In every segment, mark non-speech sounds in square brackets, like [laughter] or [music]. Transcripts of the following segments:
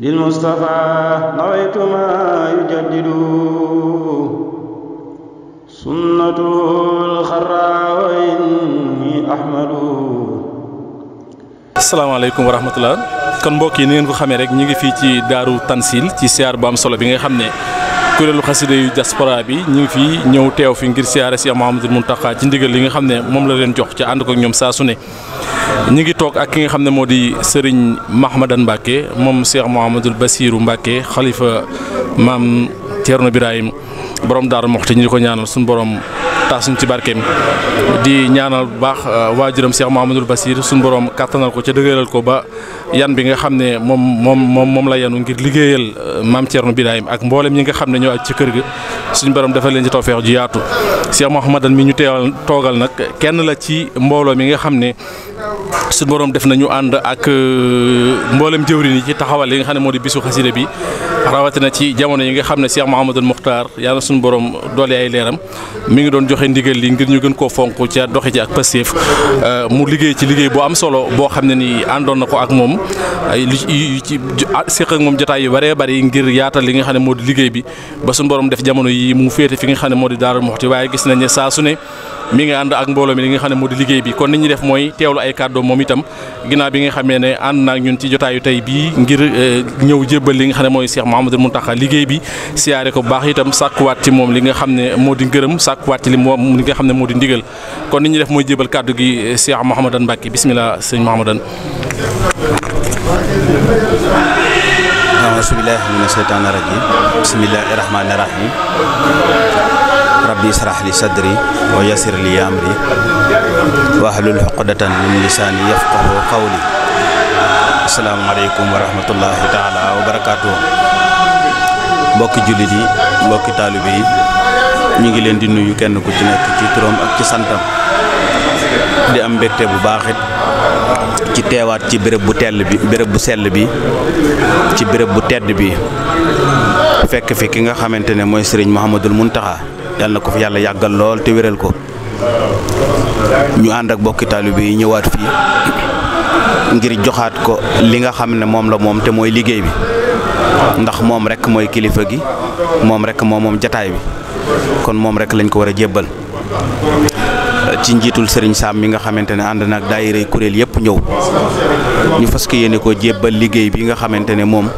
للمصطفى نويت ما يجدد سنته الخرى وإني kon mbokk yi ni ngeen ko xamee rek ñu ngi fii ci daaru Tansil ci siyaar bu am solo bi nga xam ne kuréelu xasida yu diaspora bi ñu ngi fii ñëw teew fi ngir siyaare si Mouhamadul Mountakha ci ndigal li nga xam ne moom la leen jox ci ànd ko ñoom saa su ne ñi ngi toog ak ki nga xam ne moo di Serigne Mahmadan Mbacke moom Cheikh Mouhamadul basiiru Mbacke xalifa maam Thierno Birahim borom daaru moxti ñu ko ñaanal suñu borom suñu ci barkem di ñaanal bax euh, wajuram cheikh mahamadul basir suñu borom katanal ko ci koba ko ba yan bi nga xamne mom mom mom mom la yanu ngir liggéeyal euh, maam ceerno ibrahim ak mboolem yi nga xamne ñoo ci kër ga suñu borom defal leen ci tawfiq ju yaatu cheikh mahamadan mi ñu teewal togal nak kenn la ci mbolo mi nga xamne suñu borom def nañu and ak euh, mboolem jëwrin ni ci taxawal yi nga xamne ne bisu xasida bi rawatina ci jamono yi nga xam ne Cheikh Mouhamadul Muxtaar yàlla suñ borom doole ay leeram mu ngi doon joxe ndigal li ngir ñu gën koo fonk ca doxi ci ak Pastef mu liggéey ci liggéey bu am solo boo xam ne ni àndoon na ko ak moom li ci séq ak moom jotaay yu bëree yi ngir yaatal li nga xam ne moo di liggéey bi ba suñu borom def jamono yi mu féete fi nga xam ne moo di Daaru Muxti waaye gis nañ ne saa su ne mi ngi ànd ak mbooloo mi li nga xam ne moo di liggéey bi kon ni ñuy def mooy teewlu ay kàddu moom itam ginnaaw bi nga xamee ne ànd naag ñun ci jotaayu tey bii ngir eh, ñëw jébbal li nga xam ne mooy Cheikh Mouhamadou Mountakha liggéey bi siyaare ko bu baax itam sàkkuwaat ci moom li nga xam ne moo di ngërëm sàkkuwaat ci li moom li nga xam ne moo di ndigal kon ni ñuy def mooy jébbal kàddu gi eh, Cheikh Mouhamadan Mbacke bisimilah sëñ Mouhamadan aousu billahi mina sheytaani rajim bismillahi rahmaani rahim ربي israh لي sadri wa لي امري واحلل wahlul من min lisani قولي السلام assalamu alaykum wa تعالى ta'ala wa barakatuh julit yi talibé yi ñi ngi leen di nuyu kenn ku ci nekk ci turam ak ci santam di am mbekté bu baaxit ci teewaat ci béréb bu tell bi béréb bu sell bi ci béréb fi ki nga xamantene moy serigne mohammedul muntaha yal na ko fi yàlla yàggal lool te wéral ko ñu ànd ak bokki taalibe yi ñëwaat fii [coughs] ngir joxaat ko li nga xam ne moom la moom te mooy liggéey bi ndax moom rek mooy kilifa gi moom rek moo moom jataay bi kon moom rek lañ ko war a jébbal ci njiitul sëriñ Sam mi nga xamante ne ànd na ak daayira kuréel yëpp ñëw ñu fas yéene ko jébbal liggéey bi nga xamante ne moom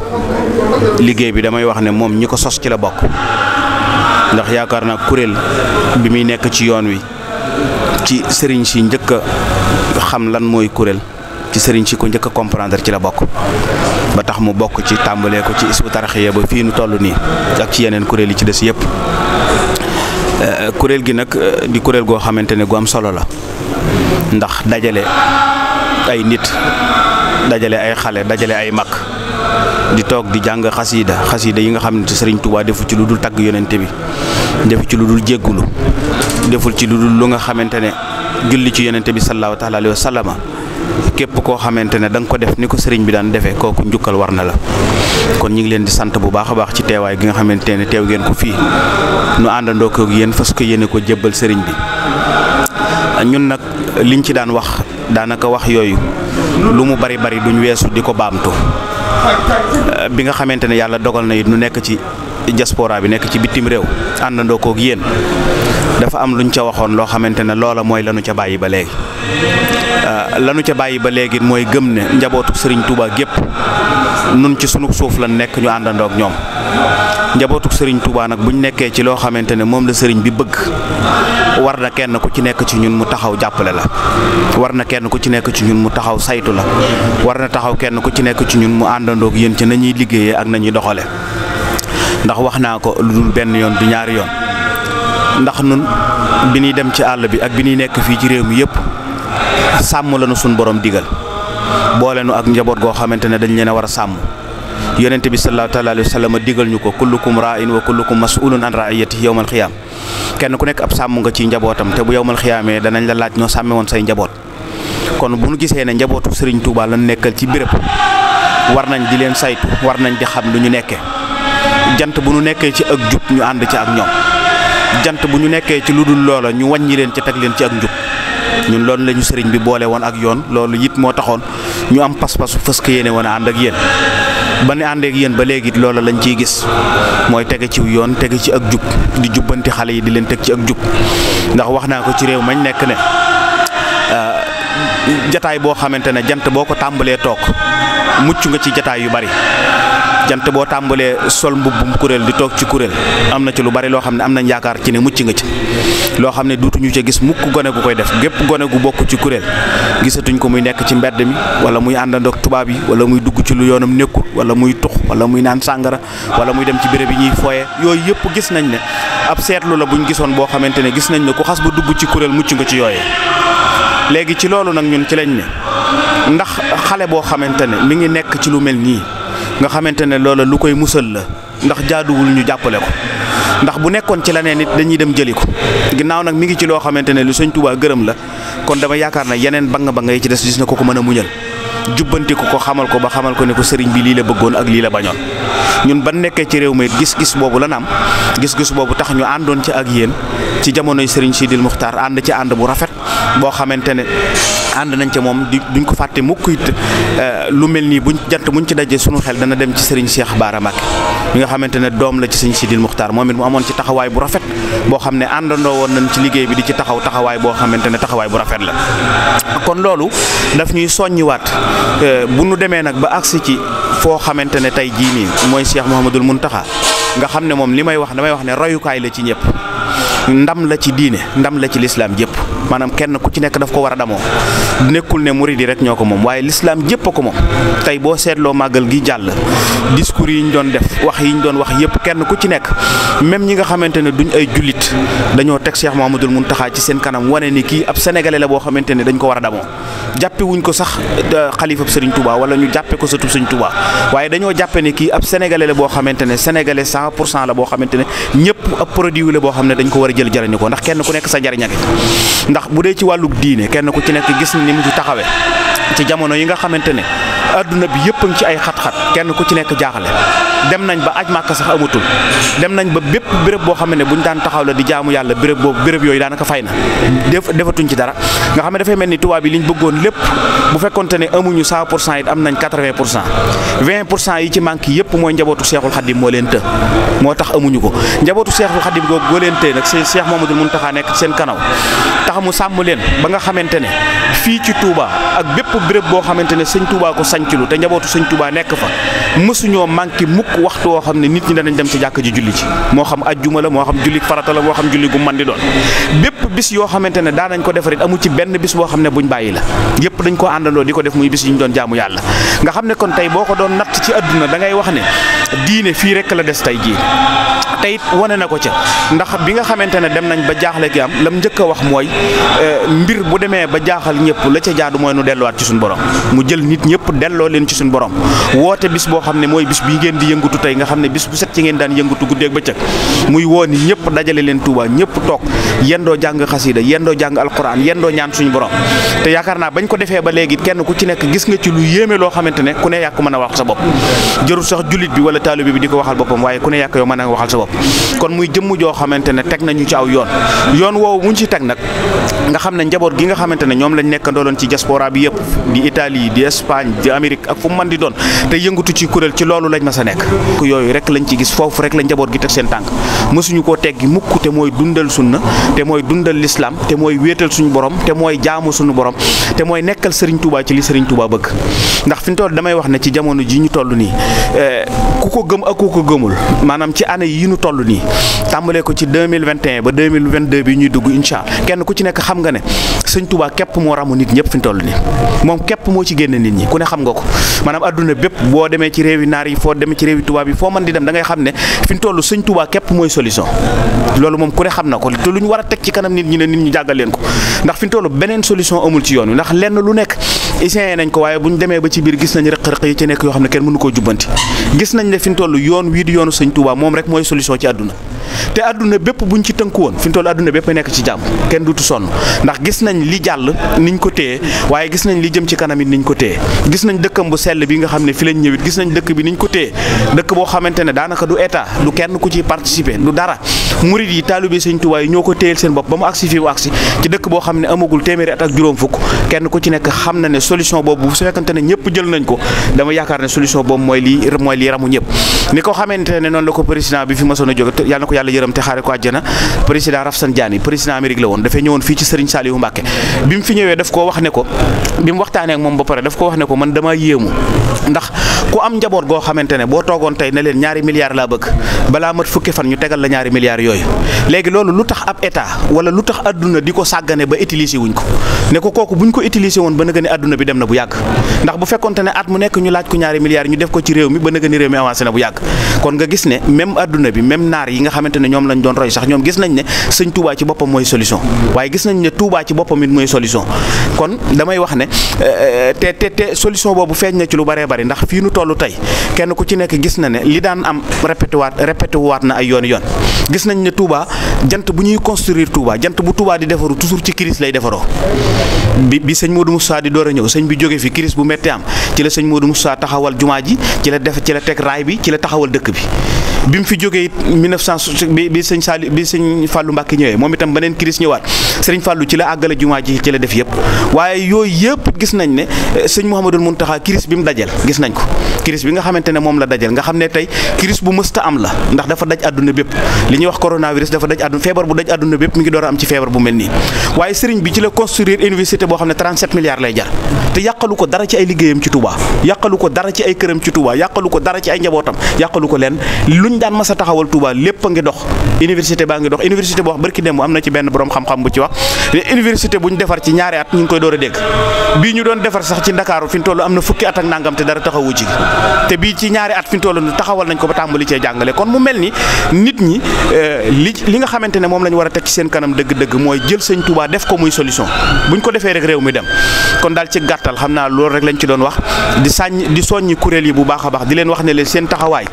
liggéey bi damay wax ne moom ñi ko sos ci la bokk. ndax yaakaar naa kuréel bi muy nekk ci yoon wi ci sëriñ si njëkk a xam lan mooy kuréel ci sëriñ si ko njëkk a ci la bokk ba tax mu bokk ci tàmbalee ko ci isbu taraxyee ba fii nu toll nii ak ci yeneen kuréel yi ci des yépp euh, kuréel gi nag euh, di kuréel goo xamante ne gu am solo la ndax dajale ay nit dajale ay xale dajale ay mag di toog di jàng xasiida xasiida yi nga xam ne Serigne Touba defu ci lu dul tagg yonente bi defu ci lu dul jéggulu deful ci lu dul lu nga xamante ne julli ci yonente bi sallallahu taala alayhi wa sallama képp koo xamante ne da nga ko def ni ko sëriñ bi daan defee kooku njukkal war na la kon ñu ngi leen di sant bu baax a baax ci teewaay gi nga xamante ne teew ngeen ko fii nu àndandoo ko yéen fas ko yéene ko jébbal sëriñ bi ñun nag liñ ci daan wax daanaka wax yooyu lu mu bari bari duñ weesu di ko baamtu bi nga xamante ne yàlla dogal na it nu nekk ci diaspora bi nekk ci bitim réew àndandoo kook yéen dafa am luñ ca waxoon loo xamante ne loola mooy lanu ca bàyyi ba léegi euh, lanu ca bàyyi ba léegi mooy gëm ne njabootu Serigne Touba gépp nun ci sunu suuf la nekk ñu àndandook ak ñoom njabootu sëriñ Touba nag bu ñu nekkee ci loo xamante ne moom la sëriñ bi bëgg war na kenn ku ci nekk ci ñun mu taxaw jàppale la war na kenn ku ci nekk ci ñun mu taxaw saytu la war na taxaw kenn ku ci nekk ci ñun mu àndandoo ak yéen ci nañuy liggéeye ak nañuy doxale ndax wax naa ko lu dul benn yoon du ñaari yoon ndax nun bi ñuy dem ci àll bi ak bi ñuy nekk fii ci réew mi yëpp sàmm lanu nu suñ borom digal. boole nu ak njabot go xamantene dañ leena wara sam yonent bi sallallahu taala alayhi wasallam digal ñuko kullukum ra'in wa kullukum mas'ulun an ra'iyati yawmal xiyaam kenn ku nek ab sam nga ci njabotam te bu yawmal xiyaamee danañ la laaj ñoo samé won say njabot kon bu nu gisé ne njabotu Serigne Touba lan nekkal ci béréb war nañ di leen saytu war nañ di xam lu ñu nekké jant bu nu nekké ci ak jup ñu and ci ak ñom jant bu ñu nekké ci luddul loolu ñu wañi leen ci tag leen ci ak jup ñun loolu la ñu sëriñ bi boole woon ak yoon loolu it moo taxoon ñu am pas-pasu fës ko yéene woon a ànd ak yéen ba ne ànd yéen ba léegi loola lañ ciy gis mooy tege ci yoon tege ci ak jub di jubbanti xale yi di leen teg ci ak jub ndax wax naa ko ci réew mañ nekk ne euh, jataay boo xamante ne jant boo ko tàmbalee toog mucc nga ci jataay yu bari jant boo tàmbalee sol mbubbum kuréel di toog ci kuréel am na ci lu bari loo xam ne am nañ yaakaar ci ne mucc nga ci loo xam ne duutuñu ca gis mukk gone gu koy def gépp gone gu bokk ci kuréel gisatuñ ko muy nekk ci mbedd mi wala muy àndandoog tubaab yi wala muy dugg ci lu yoonam nekkul wala muy tux wala muy naan sàngara wala muy dem ci béréb yi ñuy fooye yooyu yëpp gis nañ ne ab seetlu la buñ gisoon boo xamante ne gis nañ ne ku xas ba dugg ci kuréel mucc nga ci yooyee léegi ci loolu nag ñun ci lañ ne ndax xale boo xamante ne mi ngi nekk ci lu mel nii nga xamante ne loola lu koy musal la ndax jaaduwul ñu jàppale ko ndax bu nekkoon ci leneen nit dañuy dem jëli ko ginnaaw nag mi ngi ci loo xamante ne lu sëñ Tuubaa gërëm la kon dama yaakaar na yeneen bang bang yi ci des gis na ko ko mën a muñal jubbanti ko ko xamal ko ba xamal ko ne ko sëriñ bi lii la bëggoon ak lii la bañoon ñun ban nekkee ci réew mi gis-gis boobu la naam gis-gis boobu tax ñu àndoon ci ak yéen ci jamonoy sëriñ Sidil Muxtaar ànd ci ànd bu rafet boo xamante ne ànd nañ ca moom di duñ ko fàtte mukk it euh, lu mel nii buñ jant buñ ci dajee sunu xel dana dem ci Serigne Cheikh Bara Mbacké mi nga xamante ne doom la ci Serigne Sidil Muxtaar moom it mu amoon ci taxawaay bu rafet boo xam ne àndandoo woon nañ ci liggéey bi di ci taxaw taxawaay boo xamante ne taxawaay bu rafet la kon loolu daf ñuy soññiwaat euh, bu nu demee nag ba agsi ci foo xamante ne tey jii nii mooy Cheikh Mouhamadul Mountakha nga xam ne moom li may wax damay wax ne royukaay la ci ñëpp ndam la ci diine ndam la ci lislaam jëpp maanaam kenn ku ci nekk daf ko war a damoo nekkul ne murid yi rek ñoo ko moom waaye lislaam jëpp a ko moom tey boo seetloo màggal gi jàll discours yi ñu doon def wax yi ñu doon wax yëpp kenn ku ci nekk même ñi nga xamante ne duñ ay jullit dañoo teg Cheikh Mouhamadoul Mountakha ci seen kanam wane ni kii ab boo xamante ne dañ ko war a damoo jàppe wuñ ko sax euh, xalifa Sëriñ Touba wala ñu jàppe ko satub Sëriñ Touba waaye dañoo jàppe ne kii ab sénégalais boo xamante ne sénégalais 100 pour cent la boo xamante ne ñëpp ab boo xam ne dañ ko war a jël jëriñu ko ndax kenn ku nekk sa njariñ ndax bu dee ci wàllug diine kenn ku ci nekk gis ni mu ci taxawee ci jamono yi nga xamante ne adduna bi yëpp a ci ay xat-xat kenn ku ci nekk jaaxle dem nañ ba aj màkk sax amatul dem nañ ba bépp béréb boo xam ne buñ daan taxaw di jaamu yàlla bërëb boobu béréb yooyu daanaka fay na def defatuñ ci dara nga xam ne dafay mel ni tubaab yi liñ bëggoon lépp bu fekkonte ne amuñu 100 pour cent am nañ 80 pour cent 20 pour cent yi ci manque yëpp mooy njabootu seexul xadim moo leen të moo tax amuñu ko njabootu seexul xadim googu goo leen tëy nag see seex Mamadul Muntaxa nekk seen kanaw tax mu sàmm leen ba nga xamante ne fii ci tuubaa ak bépp béréb boo xamante ne sëñ Touba ko sanclu te njabootu sëñ Touba nekk fa mësuñoo manqué mukk waxtu woo xam ne nit ñi danañ dem ci jàkk ji julli ci moo xam ajjuma la moo xam julli farata la moo xam julli gu man di doon bépp bis yo xamantene da nañ ko defarit amu ci benn bis bo xamne buñ bayyi la yépp dañ ko andalo di ko def muy bis yiñ doon jaamu yalla nga xamne kon tay boko ko doon nat ci aduna da ngay wax ne diine fi rek la wane na ko ndax bi nga xamantene ne dem nañ ba jaaxle gi am lam njëkk wax moy euh, mbir bu démé ba jaaxal ñëpp la ci jaadu moy nu wat ci suñu borom mu jël nit ñëpp delloo leen ci suñu borom woote bis bo xamne ne bis bi ngeen di yëngutu tay nga xamne bis bu set ci ngeen daan guddé ak bëcëk muy woni ni dajalé leen touba ñëpp tok yendo jang xasida yendoo jàng alquran yendoo ñaan suñu borom te yaakaar naa bañ ko defee ba léegi kenn ku ci nekk gis nga ci lu yéeme loo xamante ne ku ne yàq mën a wax sa bopp jërul sax jullit bi wala taalibe bi di ko waxal boppam waaye ku ne yàq yow mën a waxal sa bopp kon muy jëmm joo xamante ne teg nañu ci aw yoon yoon woowu muñ ci teg nag nga xam ne njaboot gi nga xamante ne ñoom lañ nekk ndooloon ci diaspora bi yëpp di Italie di Espagne di Amérique ak fu mu mën ci loolu lañ ma sa nekk yooyu rek lañ ci gis foofu rek la njaboot gi teg seen tànk mësuñu koo teggi mukk mooy dundal sunna te mooy dundal lislaam te mooy wéetal suñu borom te mooy jaamu suñu borom te mooy nekkal Serigne Touba ci li Serigne Touba bëgg ndax fi ñu damay wax ne ci jamono ji ñu toll nii euh, ku ko gëm ak ku ko gëmul maanaam ci année yi ñu toll nii tàmbalee ko ci 2021 ba 2022 bi ñuy dugg incha allah kenn ku ci nekk xam nga ne sëñ Tuubaa képp moo ramu nit ñëpp fi ñu toll nii moom képp moo ci génne nit ñi ku ne xam nga ko maanaam adduna bépp boo demee ci réewi naar yi foo demee ci réewi tubaab yi foo mën di dem da ngay xam ne fi ñu toll sëñ Tuubaa képp mooy solution loolu moom ku ne xam na ko te lu ñu war a teg ci kanam nit ne nit ñi jàggal ko ndax fi ñu beneen solution amul ci yoon ndax lenn lu nekk essayé nañ ko waaye bu ñu demee ba ci biir gis nañ rëq-rëq yi ci nekk yoo xam ne kenn mënu koo jubbanti gis nañ ne fi ñu toll yoon wii di yoonu sëñ Tuubaa moom rek mooy solution ci àdduna te adduna bépp buñ ci tënku woon fi ñu toll adduna bépp nekk ci jàmm kenn dutu sonn ndax gis nañ li jàll niñ ko téye waaye gis nañ li jëm ci kanam it niñ ko téye gis nañ dëkkam bu sell bi nga xam ne fi lañ ñëwit gis nañ dëkk bi niñ ko téye dëkk boo xamante ne daanaka du état du kenn ku ciy participer du dara murid yi taalibe Sëñ Tuubaa yi ñoo ko téyel seen bopp ba mu agsi fii mu agsi ci dëkk boo xam ne amagul téeméeri at ak juróom fukk kenn ku ci nekk xam na ne solution boobu su fekkante ne ñëpp jël nañ ko dama yaakaar ne solution boobu mooy lii mooy lii ramu ñëpp ni ko xamante ne yàlla yërëm te xaare ko àjjana président Rafsanjani président Amérique la woon dafay ñëwoon fii ci Serigne Saliou Mbacke bi mu fi ñëwee daf koo wax ne ko bi mu waxtaanee moom ba pare daf ko wax ne ko man dama yéemu ndax ku am njaboot goo xamante ne boo toogoon tey ne leen ñaari milliards laa bëgg balaa mat fukki fan ñu tegal la ñaari milliards yooyu léegi loolu lu tax ab état wala lu tax adduna di ko sàggane ba utiliser ko ne ko kooku bi dem na bu yàgg ndax ñu ko xamante ne ñoom lañ doon roy sax ñoom gis nañ ne sëñ Touba ci boppam solution waaye gis nañ ne Touba ci boppam mooy solution kon damay wax ne euh, te te te solution boobu feeñ na ci lu bëree bëri ndax fii nu toll tey kenn ku ci nekk gis na ne li daan am répété waat répété waat na ay yoon yoon gis nañ ne Touba jant bu ñuy construire Touba jant bu Touba di defaru toujours ci crise lay defaroo bi bi sëñ Modou Moussa di door a ñëw sëñ bi jóge fi crise bu métti am ci la sëñ Modou Moussa taxawal jumaa ji ci la def ci la teg raay bi ci la taxawal dëkk bi bi mu fi jógee it 1960 bi bi sëñ Saliou bi sëñ Fallou Mbacke ñëwee moom itam beneen crise ñëwaat sëriñ Fallou ci la àggale jumaa ji ci la def yëpp waaye yooyu yëpp gis nañ ne eh, sëñ Mouhamadou Mountakha crise bi mu dajal gis nañ ko crise bi nga xamante ne moom la dajal nga xam ne tey crise bu mësta am la ndax dafa daj àdduna bépp li ñuy wax coronavirus dafa daj àdduna feebar bu daj àdduna bépp mi ngi door am ci feebar bu mel nii waaye sëriñ bi ci la construire boo xam ne 37 milliards lay jar te yàqalu ko dara ci ay liggéeyam ci Touba yàqalu ko dara ci ay kërëm ci Touba yàqalu ko dara ci ay njabotam yàqalu ko leen luñ daan massa taxawal Touba lepp nga dox université ba nga dox université bo wax barki dem amna ci benn borom xam-xam bu ci wax université buñ defar ci ñaari at ñu ngi koy door dégg ñu doon defar sax ci dakar fi tollu amna fukki at ak nangam te dara taxawu ci te bi ci ñaari at fi ñu taxawal nañ ko ba tambali ci jangale kon mu melni nit ñi euh, li nga xamantene mom lañ wara tek ci seen kanam deug deug moy jël seigne Touba def ko muy solution buñ ko defee rek réew mi dem kon dal ci gatt xamna lool rek lañ ci doon wax di sañ di soñi kureel yi bu di wax ne le sen taxaway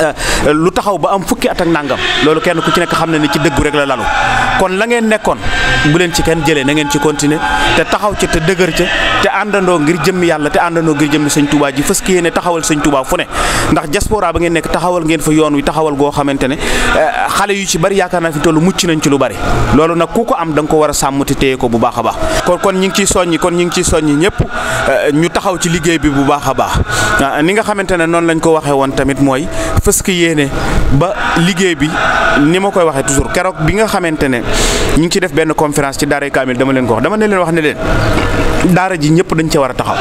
Euh, lu taxaw ba am fukki at ak nangam loolu kenn ku ci nekk xam na ni ci dëggu rek la lalu kon la ngeen nekkoon bu leen ci kenn jëlee na ngeen ci continuer te taxaw ci te dëgër ca te àndandoo ngir jëmmi yàlla te àndandoo ngir jëmmi sañ Touba ji fës ki taxawal sañ tubaa fu ne ndax diaspora ba ngeen nekk taxawal ngeen fa yoon wi taxawal goo xamante ne euh, xale yu ci bari yaakaar naa fi tollu mucc nañ ci lu bari loolu nag ku ko am danga ko war a sàmm te ko bu baax a baax kon kon ñu ngi ciy soññi kon ñu ngi ciy soññi ñëpp euh, ñu taxaw ci liggéey bi bu baax a baax ah, ni nga xamante ne noonu lañ ko waxee woon tamit mooy fës ko yéene ba liggéey bi ni ma koy waxee toujours keroog bi nga xamante ne ñu ngi ci def benn conférence ci Daara Kamil dama leen ko wax dama ne leen wax ne leen daara ji ñëpp dañ cee war a taxaw.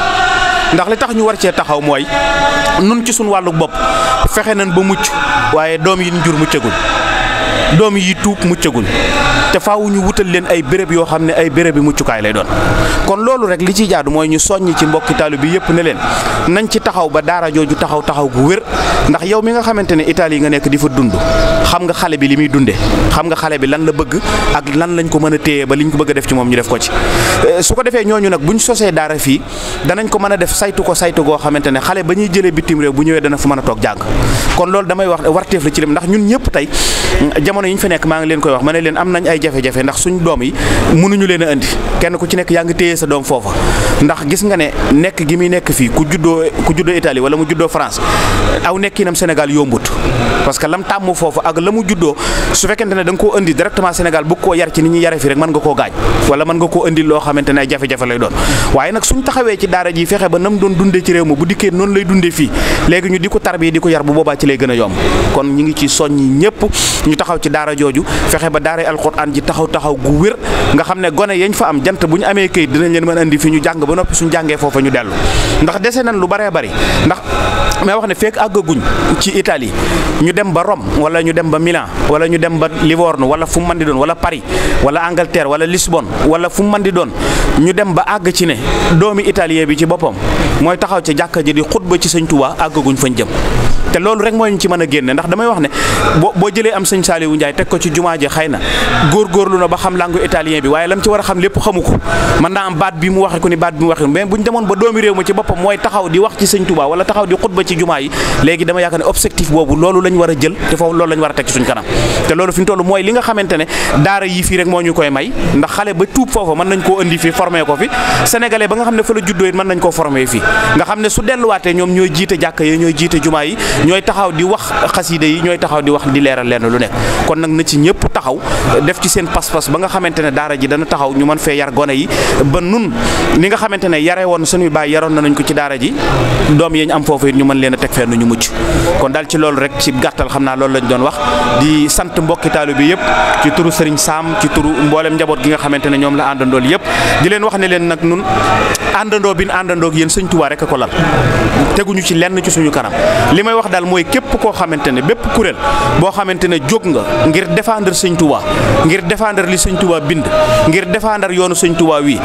ndax li tax ñu war cee taxaw mooy nun ci suñu wàllu bopp fexe nañ ba mucc waaye doom yi ñu jur muccagul doom yi tuub muccagul te faaw ñu wutal leen ay béréb yoo xam ne ay béréb yi muccukaay lay doon kon loolu rek li ci jaadu mooy ñu soññ ci mbokki taalu bi yëpp ne leen nañ ci taxaw ba daara jooju taxaw taxaw gu wér ndax yow mi nga xamante ne Italie nga nekk di fa dund xam nga xale bi li muy dundee xam nga xale bi lan la bëgg ak lan lañ ko mën a téye ba li liñ ko bëgg a def ci moom ñu def ko ci eh, su ko defee ñooñu nag bu ñu sosee daara fii danañ ko mën a def saytu ko saytu goo xamante ne xale ba ñuy jëlee bitim bu ñëwee dana fu mën a toog jàng kon loolu damay wax warteef la ci lim ndax ñun ñëpp tey jamono yi ñu fi nekk maa ngi leen koy wax ma leen am nañ ay jafe-jafe ndax suñ doom yi mënuñu leen a indi kenn ku ci nekk yaa ngi téye sa doom foofa ndax gis nga ne nek gi muy nekk fii ku juddoo ku juddoo Italie wala mu juddoo France aw nekkinam Sénégal yombut parce que lam tàmm foofa ak la mu juddoo su fekkente ne da nga koo directement Sénégal yar ci ni ñuy yare fii rek mën nga koo gaañ wala mën nga koo ay jafe-jafe lay doon waaye nag suñ taxawee ci daara ji fexe ba nam doon dundee ci réew ma bu dikkee noonu lay dundee fii léegi ñu di tarbi di yar bu ci lay kon ñi ngi ci soññi ñëpp ñu taxaw ci dara joju fexé ba daara alquran ji taxaw taxaw gu wér nga xamné goné gone yañ fa am jant buñu amé kay dinañ leen mëna andi fi ñu jàng ba nopi suñu jangé fofu ñu dellu ndax déssé nañ lu bari bari ndax may wax né fek ci Italie ñu dem ba Rome wala ñu dem ba Milan wala ñu dem ba Livorno wala fu mën di doon wala Paris wala Angleterre wala Lisbon, wala fu mën di doon ñu dem ba ag ci né doomi italien bi ci boppam moy taxaw ci jàkka ji di khutba ci sëñ touba àggaguñ fañ jëm té lolu rek moy ñu ci mëna a ndax damay wax né bo jëlé am sëñ Ndiaye teg ko ci jumaa ji xëy na góorgóorlu na ba xam langue italien bi waaye lam ci war a xam lépp xamu ko mën naa am baat bi mu waxe ko ni baat bi mu waxe mais bu ñu demoon ba doomi réew ma ci boppam mooy taxaw di wax ci sëñ Touba wala taxaw di xutba ci jumaa yi léegi dama yaakaar ne objectif boobu loolu lañ war a jël te a teg ci suñ kanam te mooy li xamante ne daara yi fii rek moo ñu koy may ndax xale ba tuub foofa mën nañ koo indi fi formé ko fi sénégalais ba nga xam ne fa la juddoo it mën nañ koo formé fii nga xam ne su delluwaatee ñoom ñooy jiite jàkka yi ñooy jiite jumaa yi ñooy taxaw di wax xasida yi ñooy taxaw di wax di leeral lenn lu nekk kon nak na ci ñepp taxaw def ci seen pas-pas ba nga xamantene ne daara ji dana taxaw ñu man fe yar gone yi ba nun ni nga xamantene yaré yare suñu bay yaron nañ ko ci daara ji dom yeñ am fofu ñu man leena tek fe ñu mucc kon dal ci lool rek ci gattal xamna lool lañ doon wax di sante mbokki taalu bi yëpp ci turu Serigne Sam ci turu mbollem njabot gi nga xamantene ñom la andandol wah di leen wax ne leen nak nun andando bin andando ak yeen Sëñ Tuubaa rek ko lal teguñu ci lenn ci suñu karam limay wax dal moy kep ko xamantene bepp kurel bo xamantene jog nga ngir défendre seigne Touba ngir défendre li seigne Touba bind ngir défendre yoonu seigne Touba wi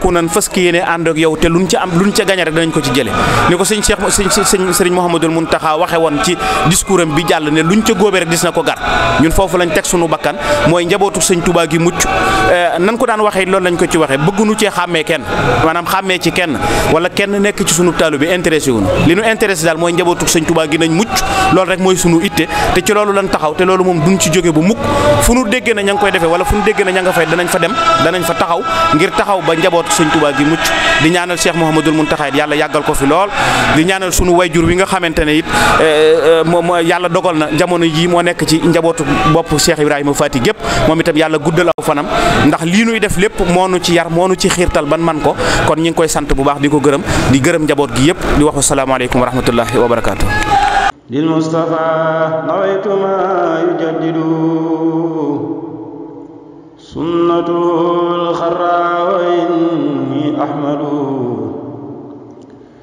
ko nan faski yene and ak yow te luñ ci am luñ ci gañe rek dañ ko ci jëlé niko seigne sëñ Cheikh seigne sëriñ Mouhamadul muntaha waxé won ci discoursam bi jall né luñ ci góobe rek dis na ko gar ñun fofu lañ tek sunu bakkan moy njabootu seigne Touba gi mucc eh, nan ko daan waxé lool lañ ko ci waxe bëgguñu ci xamé kenn manam xamé ci kenn wala kenn nekk ci sunu taalu bi intéressé wuñu li ñu intéressé dal moy njabootu seigne Touba gi nañ mucc lool rek moy sunu itté te ci loolu lañ taxaw te loolu moom duñ ci jóge bu mukk fu nu déggee na ña koy defee wala fu nu déggee na ña fay danañ fa dem danañ fa taxaw ngir taxaw ba njaboot sëñ Tuubaa gi mucc di ñaanal Cheikh mun Mountakha yàlla yàggal ko fi lool di ñaanal sunu jur wi nga xamante ne it eh, eh, moom yàlla dogal na jamono yi moo nekk ci njabootu bopp Cheikh Ibrahima Fati gépp moom itam yàlla guddal aw fanam ndax lii nuy def lépp moo nu ci yar moonu ci xiirtal ban man ko kon ñu ngi koy sant bu baax di ko gërëm di gërëm njaboot gi yëpp di wax asalaamaaleykum wa rahmatullahi wa للمصطفى نويت ما يجدد سنته الخرى وإني أحمد